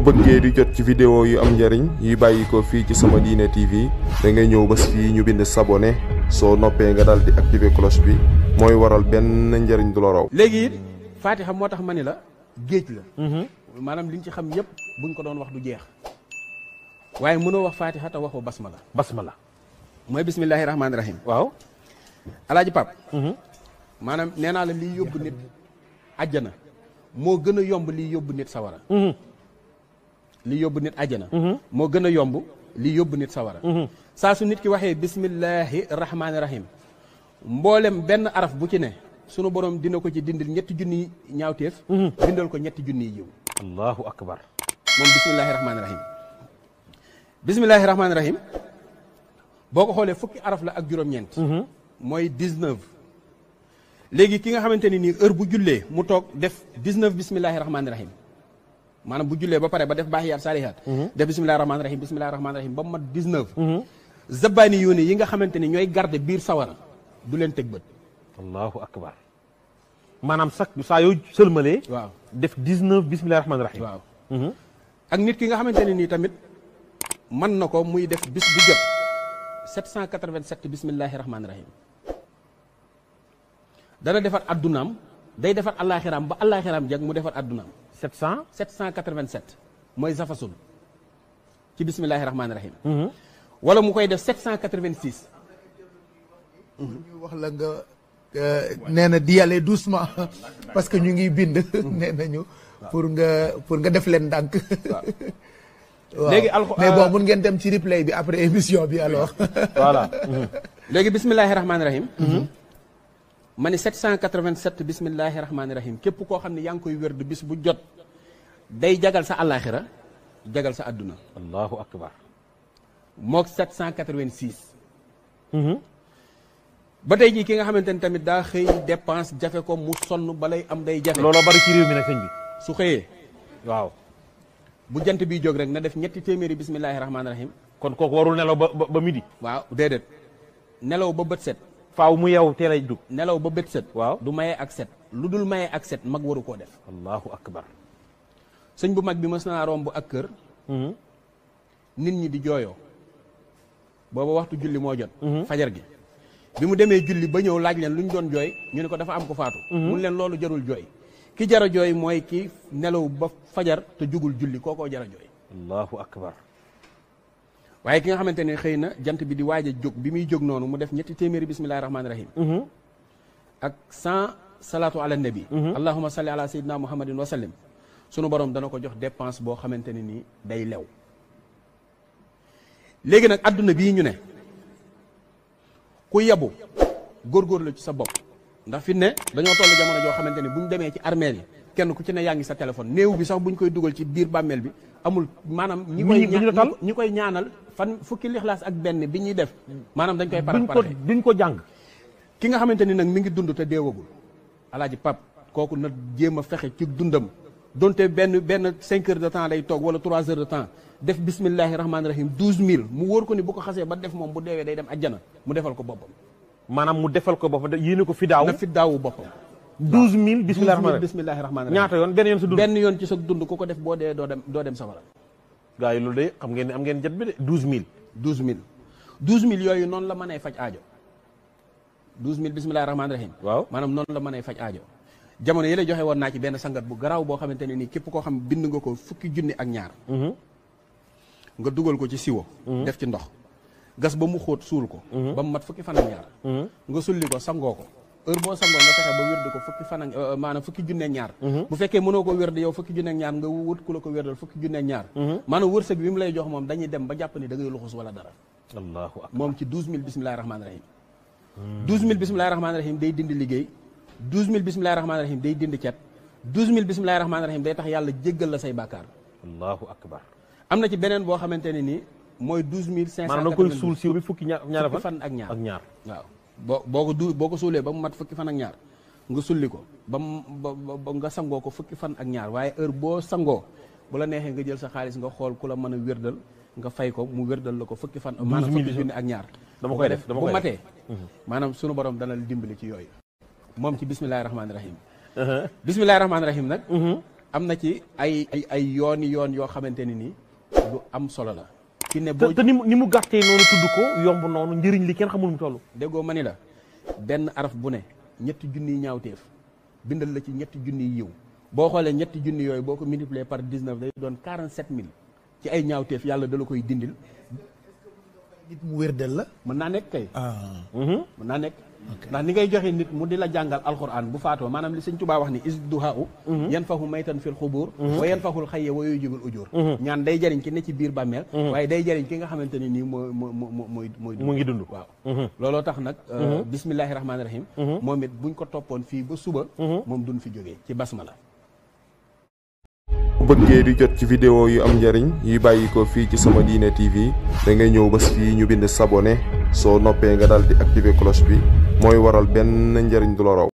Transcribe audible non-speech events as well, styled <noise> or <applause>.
bëggee di jot ci vidéo yu am njëriñ yi bàyyi ko fii ci sama diine TV da ngay ñëw bés fii ñu bind sabonné soo noppee nga daal di activer cloche bi mooy waral benn njëriñ du la léegi it Fatiha moo tax ma ni la géej la. Mhm. maanaam liñ ci xam yëpp buñ ko doon wax du jeex waaye mënoo wax Fatiha te bas ma la mooy bismillahi rahmaani rahim. waaw Alaaji Pap mhm. maanaam nee naa la liy yóbbu nit àjjana moo gën a yomb liy yóbbu nit sawara. Mhm. li yóbbu nit àjjana mhm. moo gën a yomb li yóbbu nit sawara mhm. saa su nit ki waxee bismillahi rahmaani rahim mboolem benn araf bu ci ne sunu borom dina ko ci dindil ñetti junni ñaawteef bindal mhm. ko ñetti junni yiw allahu akbar moom bismillahi rahmaani rahim bismillahi boo ko xoolee fukki araf la ak juróom-ñeent mooy 19 léegi ki nga xamante ni nii heure bu jullee mu toog def 19 bismillahi rahmaani rahim maanaam bu jullee ba pare ba def baaxiyaat saalihaat mhm. def bisimilahi rahmaani rahim bisimilahi rahmaani rahim ba mu mat 19 mhm. zabbaani yooni yi nga xamante ni ñooy garde biir sawara du leen teg bët allahu akbar maanaam sax saa yoo sëlmalee waaw def 19 bisimilahi rahmaani rahim waaw mhm. ak nit ki nga xamante ne nii tamit mën na ko muy def bis bu jot 787 bisimilahi rahmaani rahim dana defar addunaam day defar allaaxiraam ba allaaxiraam jag mu defar addunaam 700 787 mm-hmm. wala mu koy def 786 mm-hmm. wax la nga euh, nee na di doucement <laughs> parce que ñu ngi bind mm-hmm. <laughs> pour nga pour nga def leen ndànk <laughs> mané 787 bismillahir rahmanir rahim képp ko xam yang koy wër du bis bu jot day jagal sa alakhirah jagal sa aduna. allahu akbar mok 786 mm-hmm. ba tay ji ki nga xamanteni tamit da xey dépense jafé ko mu sonn balay am day jafé lolo bari ci réew mi nak señ bi su xeyé waw bu jant bi jog rek na def ñetti téeméeri bismillahir rahmanir rahim kon koku warul nelaw ba midi waw dedet nelaw ba beut set faaw mu yow teel a jug nelaw ba bët set waaw du maye ak set lu dul maye ak set mag waru koo def allahu akbar sëñ bu mag bi mës naa romb ak kër mhm. nit ñi di jooyoo booba waxtu julli moo jot mhm. fajar gi bi mu demee julli ba ñëw laaj leen lu ñu doon jooy ñu ne ko dafa am ko faatu mhm. mu leen loolu jarul jooy ki jara jooy mooy ki nelaw ba fajar te jugul julli kookoo jara jooy allahu akbar waaye ki nga xamante ne xëy na jant bi di waaj jóg bi muy jóg noonu mu def ñetti téeméeri bismillahi rahmaani rahim mhm. ak cent salaatu ala nabi mhm. allahuma salli ala sayyidina muhammadin wa sallim sunu borom dana ko jox dépense boo xamante ne nii day lew léegi nag àdduna bii ñu ne ku yabu góorgóorlu ci sa bopp ndax fi ne dañoo toll jamono joo xamante ne bu ñu demee ci armeel yi kenn ku ci ne yaa sa téléphone néew bi sax bu ñu koy dugal ci biir bàmmeel bi amul maanaam ñi koy ñaanal fan fukki lixlaas ak benn bi ñuy def. maanaam dañ koy parax paraxee duñ ko jàng. ki nga xamante ni nag mi ngi dund te deewagul alaaji pap kooku na jéem a fexe ci dundam donte benn benn cinq heures de temps lay toog wala trois heures de temps def bismillahi rahmaani rahim douze mille mu wóor ko ni bu ko xasee ba def moom bu deewee day dem ajjana mu defal ko boppam. maanaam mu defal ko boppam yéene ko fi daawu na fi daawu boppam. douze mille bismillahi yoon benn sa dund ko def boo dee doo dem doo dem safara gars yi loolu de xam ngeen am ngeen jat bi de douze mille douze mille douze mille yooyu noonu la mënee faj ajo douze mille bisimilahi rahmaani rahim waaw maanaam noonu la mënee faj aajo jamono yële joxe woon naa ci benn sangat bu garaw boo xamante ne nii képp koo xam bind nga ko fukki junni ak ñaar mhm. nga dugal ko ci siwo mhm. def ci ndox gas ba mu xóot suul ko mhm. ba mu mat fukki fan ak ñaar nga sulli ko sangoo ko heure boo sangoo nga fexe ba wérdi ko fukki fan ak euh, maanaam fukki junne ñaar mhm. bu fekkee mënoo ko wérdi yow fukki junne ñaar nga wut ku la ko wérdal fukki junne ñaar mhm. maanaam wërsëg bi mu lay jox moom dañuy dem ba jàpp ni da ngay luxus wala dara allahu moom ci douze mille hmm. rahim day dindi liggéey douze mille rahim day tax yàlla jéggal la say bàkkaar am na ci beneen boo xamante ne ni mooy douze mille cinq cent koy suul si bi fukki ñaar ñaar ak ñaar waaw boo boo ko du boo ko suulee ba mu mat fukki fan ak ñaar nga sulli ko ba mu ba nga sangoo ko fukki fan ak ñaar waaye heure boo sangoo bu la neexee nga jël sa xaalis nga xool ku la mën a wérdal nga fay ko mu wérdal la ko fukki fan. maanaam fukki junni ak ñaar. dama koy def bu matee. Mhm. maanaam sunu borom dana dimbali ci yooyu. moom ci bismillahi rahmaani rahim. Uh-huh. bismillahi rahmaani rahim nag. Mhm. am na ci ay ay ay yooni yoon yoo xamante ni nii du am solo la. ki ne boo te ni mu gàttee noonu tudd ko yomb noonu njëriñ li kenn xamul mu toll. déggoo ma ni la benn araf bu ne ñetti junniy ñaawteef bindal la ci ñetti junniy yiw boo xoolee ñetti junni yooyu boo ko multiplier par 19 day doon 47000 ci ay ñaawteef yàlla dala koy dindil. nit mu wér del la. mën naa nekk kay. Ah. Mhm. mën naa nekk. ndax ni ngay joxe nit mu di la jàngal alquran bu faatoo maanaam li sëñ Tuubaa wax ni isduhaa mhm. yan fahu maytan fil xubuur mhm. wa yan fahul xayye wa yujibul ujur mhm. ñaan day jëriñ ki ne ci biir bàmmeel waaye day jëriñ ki nga xamante ne nii moo moo moo mooy mooy mu ngi dund waaw looloo tax nag euh, bismillahi rahmaani rahim moom it buñ ko toppoon fii ba suba moom duñ fi jógee ci basmala bëggee di jot ci vidéo yi am njariñ yi bàyyi ko fii ci sama diine TV da ngay ñëw bés fii ñu bind sabone soo noppee nga daal di activer cloche bi mooy waral benn njariñ du la raw